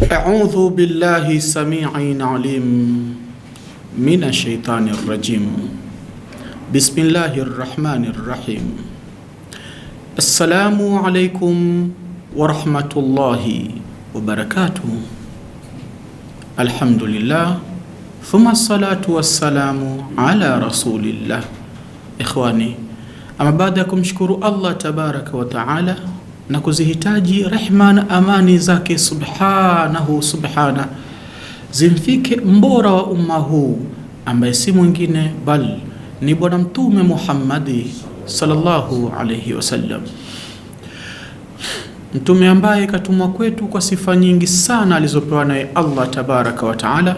أعوذ بالله السميع العليم من الشيطان الرجيم بسم الله الرحمن الرحيم السلام عليكم ورحمة الله وبركاته الحمد لله ثم الصلاة والسلام على رسول الله إخواني أما بعدكم كمشكر الله تبارك وتعالى na kuzihitaji rehma na amani zake subhanahu subhana zimfike mbora wa umma huu ambaye si mwingine bal ni Bwana Mtume Muhammadi sallallahu alayhi wasallam, mtume ambaye katumwa kwetu kwa sifa nyingi sana alizopewa naye Allah tabaraka wa taala,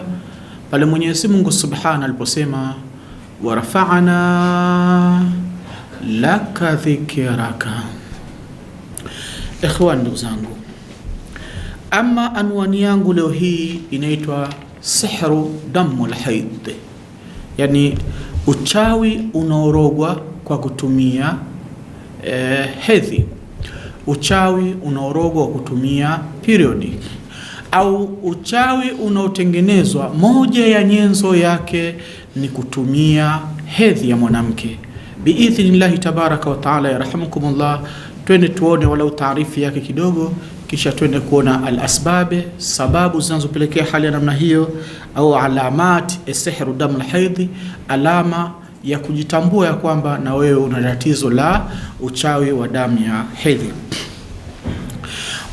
pale Mwenyezi Mungu subhana aliposema warafa'na laka dhikraka Ikhwan, ndugu zangu, ama anwani yangu leo hii inaitwa sihru damu lhaid, yani uchawi unaorogwa kwa kutumia eh, hedhi, uchawi unaorogwa kwa kutumia periodi, au uchawi unaotengenezwa, moja ya nyenzo yake ni kutumia hedhi ya mwanamke. Biidhnillahi tabaraka wa taala, yarhamukumullah twende tuone walau taarifu yake kidogo, kisha twende kuona alasbabe, sababu zinazopelekea hali ya namna hiyo, au alamat sihru damu haidhi, alama ya kujitambua ya kwamba na wewe una tatizo la uchawi wa damu ya hedhi.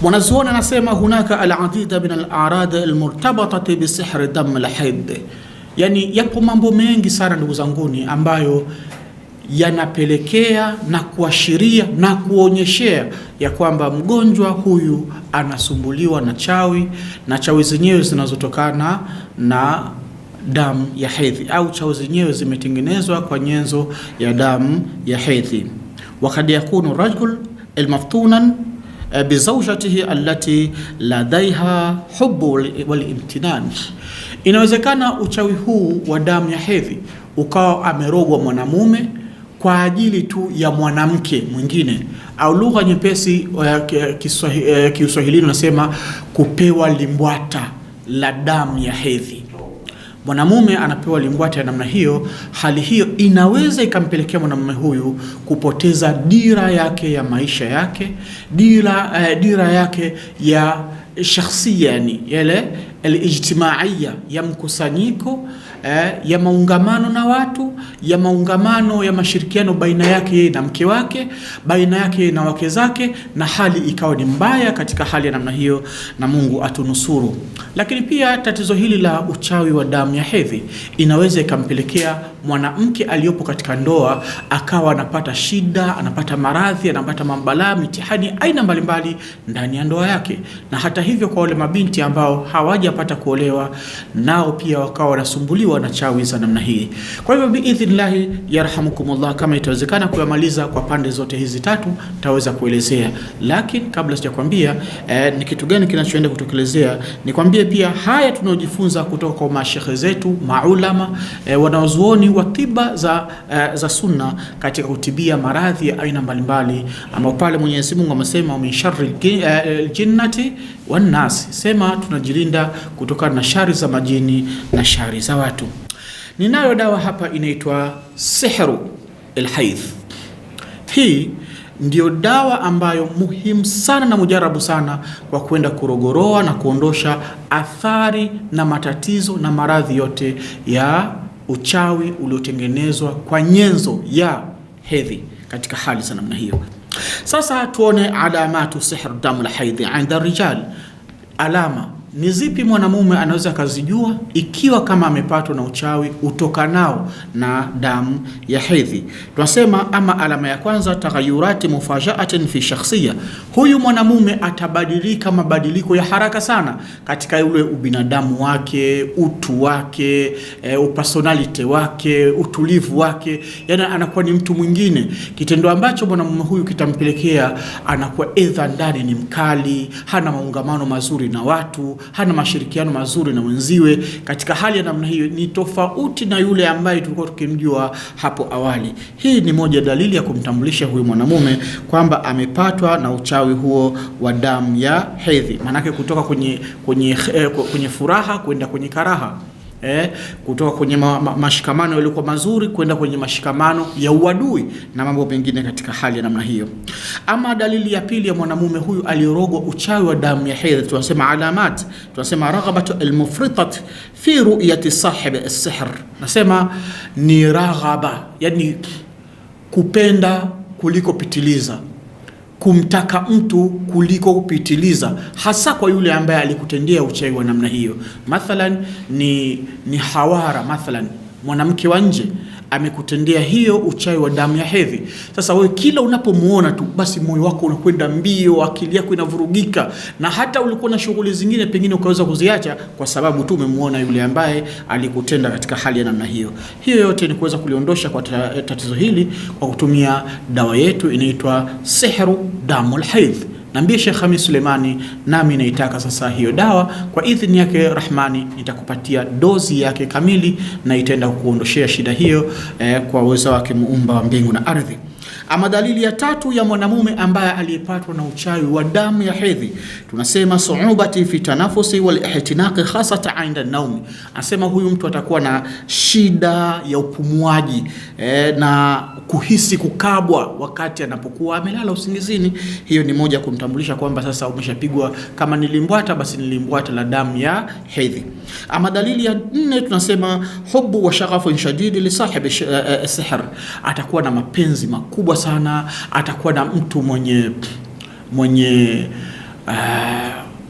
Mwanazuoni anasema hunaka aladida min alarad almurtabatati bisihri dam haidhi, yani yapo mambo mengi sana ndugu zanguni ambayo yanapelekea na kuashiria na kuonyeshea ya kwamba mgonjwa huyu anasumbuliwa na chawi na chawi zenyewe zinazotokana na damu ya hedhi au chawi zenyewe zimetengenezwa kwa nyenzo ya damu ya hedhi. wakad yakunu rajul almaftunan eh, bizaujatihi allati ladaiha hubu walimtinan, inawezekana uchawi huu wa damu ya hedhi ukawa amerogwa mwanamume kwa ajili tu ya mwanamke mwingine, au lugha nyepesi eh, kiuswahilini eh, eh, unasema kupewa limbwata la damu ya hedhi. Mwanamume anapewa limbwata ya namna hiyo. Hali hiyo inaweza ikampelekea mwanamume huyu kupoteza dira yake ya maisha yake, dira, eh, dira yake ya shakhsia yani yale alijtimaiya ya mkusanyiko eh, ya maungamano na watu, ya maungamano ya mashirikiano baina yake yeye na mke wake, baina yake na wake zake, na hali ikawa ni mbaya katika hali ya namna hiyo, na Mungu atunusuru. Lakini pia tatizo hili la uchawi wa damu ya hedhi inaweza ikampelekea mwanamke aliyopo katika ndoa akawa anapata shida, anapata maradhi, anapata mabalaa mitihani aina mbalimbali ndani ya ndoa yake, na hata hivyo kwa wale mabinti ambao hawaja hawajapata kuolewa, nao pia wakawa wanasumbuliwa na chawi za namna hii. Kwa hivyo biidhnillahi yarhamukumullah, kama itawezekana kuyamaliza kwa pande zote hizi tatu taweza kuelezea, lakini kabla sijakwambia eh, ni kitu gani kinachoenda kutokelezea, nikwambie pia haya tunaojifunza kutoka kwa mashehe zetu maulama, eh, wanaozuoni wa tiba za, eh, za sunna katika kutibia maradhi ya aina mbalimbali, ambao pale Mwenyezi Mungu amesema min sharri eh, jinnati wan nas, sema tunajilinda kutokana na shari za majini na shari za watu. Ninayo dawa hapa inaitwa sihru alhaidh. Hii ndiyo dawa ambayo muhimu sana na mujarabu sana kwa kwenda kurogoroa na kuondosha athari na matatizo na maradhi yote ya uchawi uliotengenezwa kwa nyenzo ya hedhi katika hali za namna hiyo. Sasa tuone alamatu sihr damu la haidhi inda rijal, alama ni zipi mwanamume anaweza akazijua ikiwa kama amepatwa na uchawi utokanao na damu ya hedhi? Tunasema ama alama ya kwanza, taghayurati mufajaatin fi shakhsiya, huyu mwanamume atabadilika mabadiliko ya haraka sana katika ule ubinadamu wake, utu wake, e, upersonality wake, utulivu wake, yani anakuwa ni mtu mwingine, kitendo ambacho mwanamume huyu kitampelekea anakuwa edha ndani ni mkali, hana maungamano mazuri na watu hana mashirikiano mazuri na wenziwe. Katika hali ya namna hiyo, ni tofauti na yule ambaye tulikuwa tukimjua hapo awali. Hii ni moja dalili ya kumtambulisha huyu mwanamume kwamba amepatwa na uchawi huo wa damu ya hedhi, maanake kutoka kwenye, kwenye, eh, kwenye furaha kwenda kwenye karaha eh, kutoka kwenye ma, ma, mashikamano yaliokuwa mazuri kwenda kwenye mashikamano ya uadui na mambo mengine katika hali ya namna hiyo. Ama dalili ya pili ya mwanamume huyu aliyorogwa uchawi wa damu ya hedhi, tunasema alamat, tunasema raghabatu almufritat fi ru'yati sahib as-sihr, nasema ni raghaba, yani kupenda kuliko pitiliza kumtaka mtu kuliko kupitiliza, hasa kwa yule ambaye alikutendea uchawi wa namna hiyo. Mathalan ni, ni hawara, mathalan mwanamke wa nje amekutendea hiyo uchawi wa damu ya hedhi. Sasa wewe kila unapomuona tu, basi moyo wako unakwenda mbio, akili yako inavurugika, na hata ulikuwa na shughuli zingine pengine ukaweza kuziacha kwa sababu tu umemuona yule ambaye alikutenda katika hali ya namna hiyo. Hiyo yote ni kuweza kuliondosha kwa tatizo hili kwa kutumia dawa yetu inaitwa sihru damul haidh. Naambie Sheikh hamis Sulemani, nami naitaka sasa hiyo dawa kwa idhini yake Rahmani, nitakupatia dozi yake kamili na itaenda kuondoshea shida hiyo eh, kwa uwezo wake muumba wa mbingu na ardhi. Ama dalili ya tatu ya mwanamume ambaye aliyepatwa na uchawi wa damu ya hedhi, tunasema suubati fi tanafusi wal ihtinaq hasata inda naumi, asema huyu mtu atakuwa na shida ya upumuaji e, na kuhisi kukabwa wakati anapokuwa amelala usingizini. Hiyo ni moja kumtambulisha kwamba sasa umeshapigwa, kama nilimbwata basi nilimbwata la damu ya hedhi. Ama dalili ya nne tunasema hubu wa shaghafu shadidi li sahibi eh, eh, sihr, atakuwa na mapenzi makubwa mkubwa sana, atakuwa na mtu mwenye mwenye uh,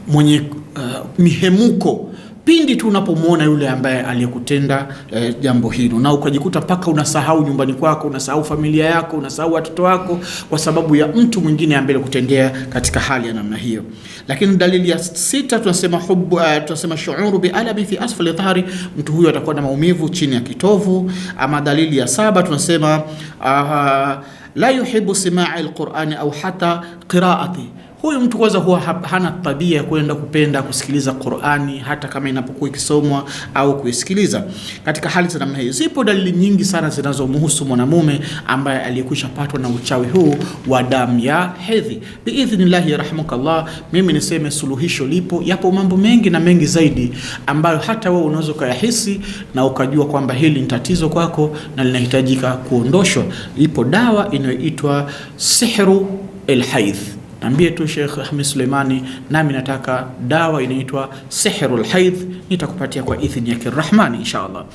mwenye uh, mihemuko pindi tu unapomwona yule ambaye aliyekutenda eh, jambo hilo, na ukajikuta mpaka unasahau nyumbani kwako, unasahau familia yako, unasahau watoto wako kwa sababu ya mtu mwingine ambaye alikutendea katika hali ya namna hiyo. Lakini dalili ya sita tunasema hubu, uh, eh, tunasema shuuru bi alabi fi asfali dhahri, mtu huyo atakuwa na maumivu chini ya kitovu. Ama dalili ya saba tunasema uh, لا يحب سماع القرآن أو حتى قراءته huyu mtu kwanza huwa hana tabia ya kwenda kupenda kusikiliza Qur'ani hata kama inapokuwa ikisomwa au kuisikiliza. Katika hali za namna hiyo, zipo dalili nyingi sana zinazomhusu mwanamume ambaye aliyekwisha patwa na uchawi huu wa damu ya hedhi. Biidhnillah, yarhamukallah, mimi niseme suluhisho lipo. Yapo mambo mengi na mengi zaidi ambayo hata wewe unaweza ukayahisi na ukajua kwamba hili ni tatizo kwako na linahitajika kuondoshwa. Ipo dawa inayoitwa sihru alhaidh. Niambie tu Sheikh Ahmed Suleimani, nami nataka dawa inaitwa sihrul haidh, nitakupatia kwa idhini yake Rahmani insha Allah.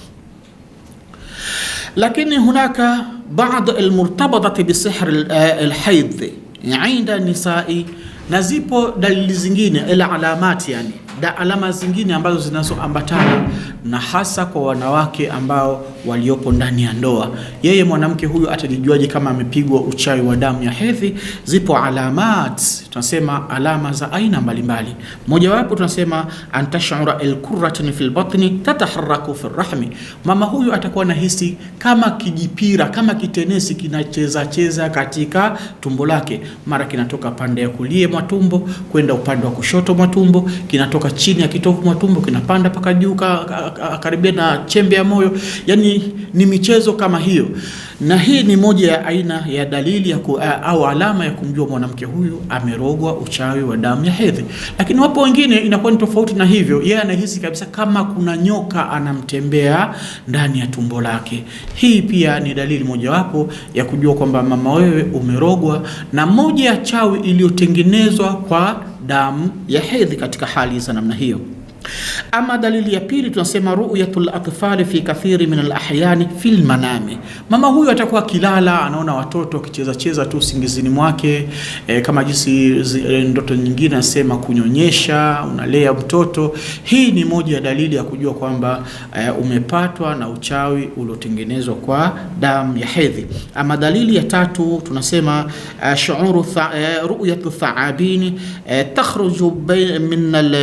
Lakini hunaka baadhi almurtabata bisihr eh, alhaidh inda nisai, na zipo dalili zingine ila alamati yani da alama zingine ambazo zinazoambatana na hasa kwa wanawake ambao waliopo ndani ya ndoa. Yeye mwanamke huyu atajijuaje kama amepigwa uchawi wa damu ya hedhi? Zipo alamat, tunasema alama za aina mbalimbali. Mojawapo tunasema antashura alkurratun fil batni tataharaku fil rahmi, mama huyu atakuwa nahisi kama kijipira kama kitenesi kinacheza cheza katika tumbo lake, mara kinatoka pande ya kulia mwa tumbo kwenda upande wa kushoto mwa tumbo kinatoka kutoka chini ya kitovu mwa tumbo kinapanda mpaka juu karibia na chembe ya moyo, yani ni michezo kama hiyo na hii ni moja ya aina ya dalili ya ku, eh, au alama ya kumjua mwanamke huyu amerogwa uchawi wa damu ya hedhi. Lakini wapo wengine inakuwa ni tofauti na hivyo, yeye anahisi kabisa kama kuna nyoka anamtembea ndani ya tumbo lake. Hii pia ni dalili mojawapo ya kujua kwamba mama, wewe umerogwa na moja ya chawi iliyotengenezwa kwa damu ya hedhi katika hali za namna hiyo. Ama dalili ya pili tunasema ru'yatul atfali fi kathiri min alahyani fi lmanami. Mama huyu atakuwa akilala anaona watoto wakicheza cheza tu usingizini mwake e, kama jinsi e, ndoto nyingine anasema kunyonyesha, unalea mtoto. Hii ni moja ya dalili ya kujua kwamba e, umepatwa na uchawi uliotengenezwa kwa damu ya hedhi. Ama dalili ya tatu tunasema e, shuuru tha, e, ru'yatu thaabini e, takhruju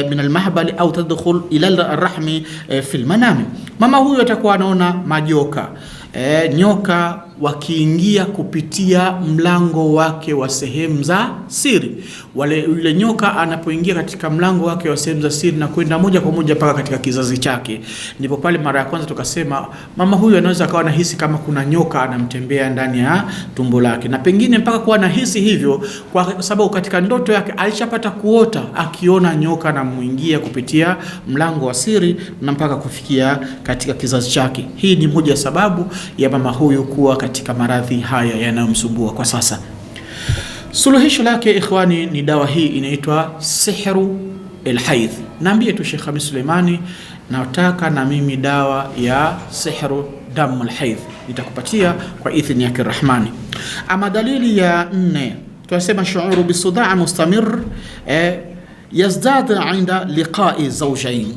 min almahbali au yadkhul ila rahmi e, eh, fil manami, mama huyu atakuwa anaona majoka e, nyoka wakiingia kupitia mlango wake wa sehemu za siri. Wale yule nyoka anapoingia katika mlango wake wa sehemu za siri na kwenda moja kwa moja mpaka katika kizazi chake, ndipo pale mara ya kwanza tukasema mama huyu anaweza akawa nahisi kama kuna nyoka anamtembea ndani ya tumbo lake, na pengine mpaka kuwa nahisi hivyo, kwa sababu katika ndoto yake alishapata kuota akiona nyoka anamwingia kupitia mlango wa siri na mpaka kufikia katika kizazi chake. Hii ni moja sababu ya mama huyu kuwa katika maradhi haya yanayomsumbua kwa sasa. Suluhisho lake ikhwani, ni dawa hii inaitwa sihru alhaidh. Naambie tu Sheikh Hamis Suleimani, nataka na mimi dawa ya sihru damu lhaidh nitakupatia kwa idhini yake Rahmani. Ama dalili ya nne tunasema shuuru bisudaa mustamir eh, yazdad inda liqai zawjain.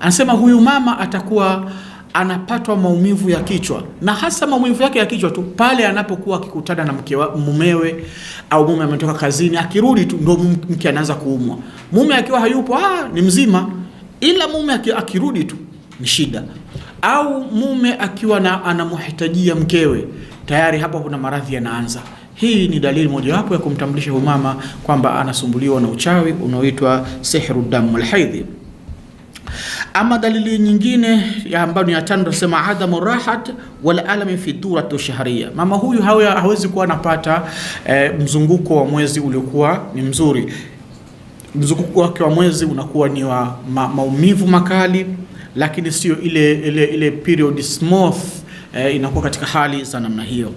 Anasema huyu mama atakuwa anapatwa maumivu ya kichwa na hasa maumivu yake ya kichwa tu pale anapokuwa akikutana na mke wa mumewe, au mume ametoka kazini, akirudi tu ndo mke anaanza kuumwa. Mume akiwa hayupo, ah, ni mzima, ila mume akirudi tu ni shida. Au mume akiwa na anamhitajia mkewe, tayari hapo kuna maradhi yanaanza. Hii ni dalili mojawapo ya kumtambulisha mama kwamba anasumbuliwa na uchawi unaoitwa sihru damu alhaidhi. Ama dalili nyingine ambayo ni ya tano tunasema adamu rahat wal alam fi durati shahriya. Mama huyu hawezi kuwa anapata e, mzunguko wa mwezi uliokuwa ni mzuri. Mzunguko wake wa mwezi unakuwa ni wa ma, maumivu makali, lakini sio ile, ile, ile period smooth e, inakuwa katika hali za namna hiyo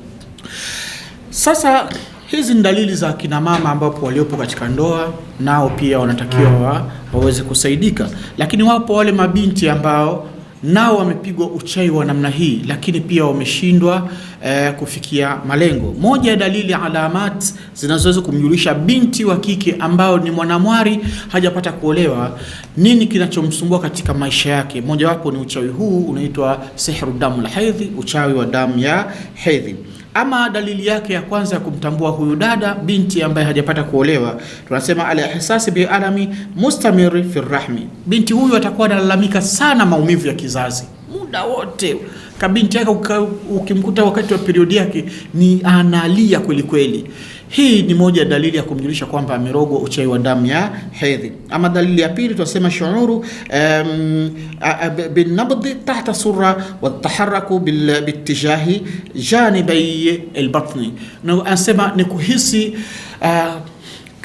sasa Hizi ni dalili za kina mama ambapo waliopo katika ndoa nao pia wanatakiwa mm. wa, waweze kusaidika, lakini wapo wale mabinti ambao nao wamepigwa uchawi wa namna hii, lakini pia wameshindwa eh, kufikia malengo. Moja ya dalili alamat zinazoweza kumjulisha binti wa kike ambao ni mwanamwari hajapata kuolewa, nini kinachomsumbua katika maisha yake? Mojawapo ni uchawi huu unaitwa sihru damu la hedhi, uchawi wa damu ya hedhi. Ama dalili yake ya kwanza ya kumtambua huyu dada binti ambaye hajapata kuolewa, tunasema ihsasi bi alami mustamir fi rahmi, binti huyu atakuwa analalamika sana maumivu ya kizazi muda wote. Kabinti yake ukimkuta wakati wa periodi yake ni analia kweli kweli. Hii ni moja ya dalili ya kumjulisha kwamba amerogwa uchawi wa damu ya hedhi. Ama dalili ya pili tunasema shuuru um, binabdi tahta sura wa taharaku bitijahi janibai albatni, na anasema ni kuhisi uh,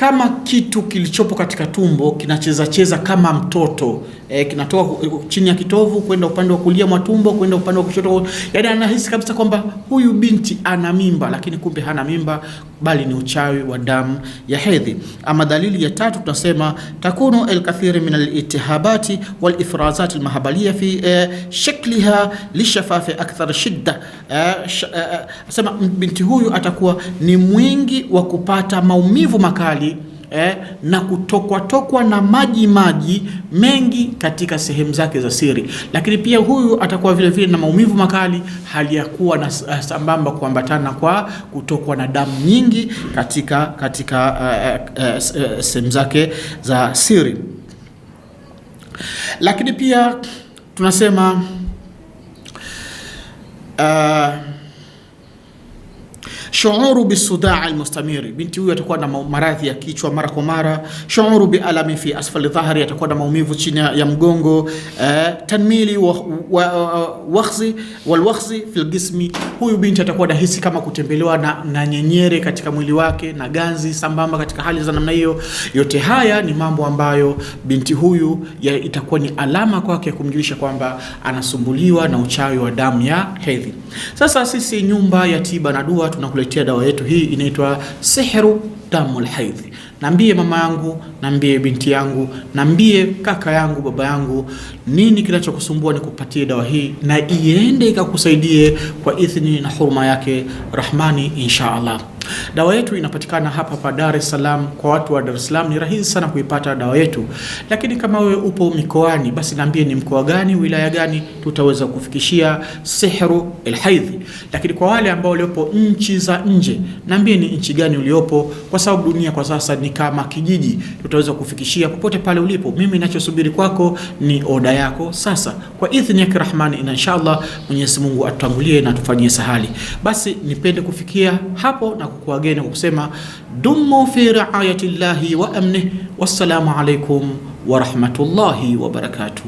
kama kitu kilichopo katika tumbo kinacheza cheza kama mtoto e, kinatoka eh, chini ya kitovu kwenda upande wa kulia mwa tumbo kwenda upande wa kushoto, yani anahisi kabisa kwamba huyu binti ana mimba, lakini kumbe hana mimba, bali ni uchawi wa damu ya hedhi. Ama dalili ya tatu tunasema takunu alkathiri min alitihabati walifrazat almahabalia fi e, shakliha lishafafi akthar shidda e, sh, e, sema binti huyu atakuwa ni mwingi wa kupata maumivu makali eh, na kutokwatokwa na maji maji mengi katika sehemu zake za siri. Lakini pia huyu atakuwa vile vile na maumivu makali, hali ya kuwa na eh, sambamba kuambatana kwa kutokwa na damu nyingi katika, katika uh, uh, uh, sehemu zake za siri. Lakini pia tunasema uh, shuuru bisudaa almustamiri, binti huyu atakuwa na maradhi ya kichwa mara kwa mara. Shuuru alami fi asfali dhahri, atakuwa na maumivu chini ya mgongo. Eh, tanmili wakhzi wakhzi fi jismi, huyu binti atakuwa hisi kama kutembelewa na, na nyenyere katika mwili wake na ganzi sambamba katika hali za namna hiyo. Yote haya ni mambo ambayo binti huyu ya itakuwa ni alama kwake kumjulisha kwamba anasumbuliwa na uchawi wa damu ya hedhi. Sasa sisi nyumba ya tiba na dua tuna kuletea dawa yetu hii inaitwa sihru damul lhaidhi Nambie mama yangu, nambie binti yangu, nambie kaka yangu, baba yangu, nini kinachokusumbua, ni kupatie dawa hii na iende ikakusaidie kwa idhini na huruma yake Rahmani, insha Allah. Dawa yetu inapatikana hapa pa Dar es Salaam. Kwa watu wa Dar es Salaam ni rahisi sana kuipata dawa yetu, lakini kama wewe upo mikoani, basi niambie ni mkoa gani, wilaya gani, tutaweza kufikishia sihru alhaidhi. Lakini kwa wale ambao waliopo nchi za nje, niambie ni nchi gani uliopo, kwa sababu dunia kwa sasa ni ni kama kijiji, tutaweza kufikishia popote pale ulipo. Mimi ninachosubiri kwako ni oda yako. Sasa kwa idhini yake Rahmani, inshallah Mwenyezi Mungu atutangulie na tufanyie sahali. Basi nipende kufikia hapo na kukuageni kwa kusema dumu fi riayati llahi wa amnih, wassalamu alaikum wa rahmatullahi wa barakatuh.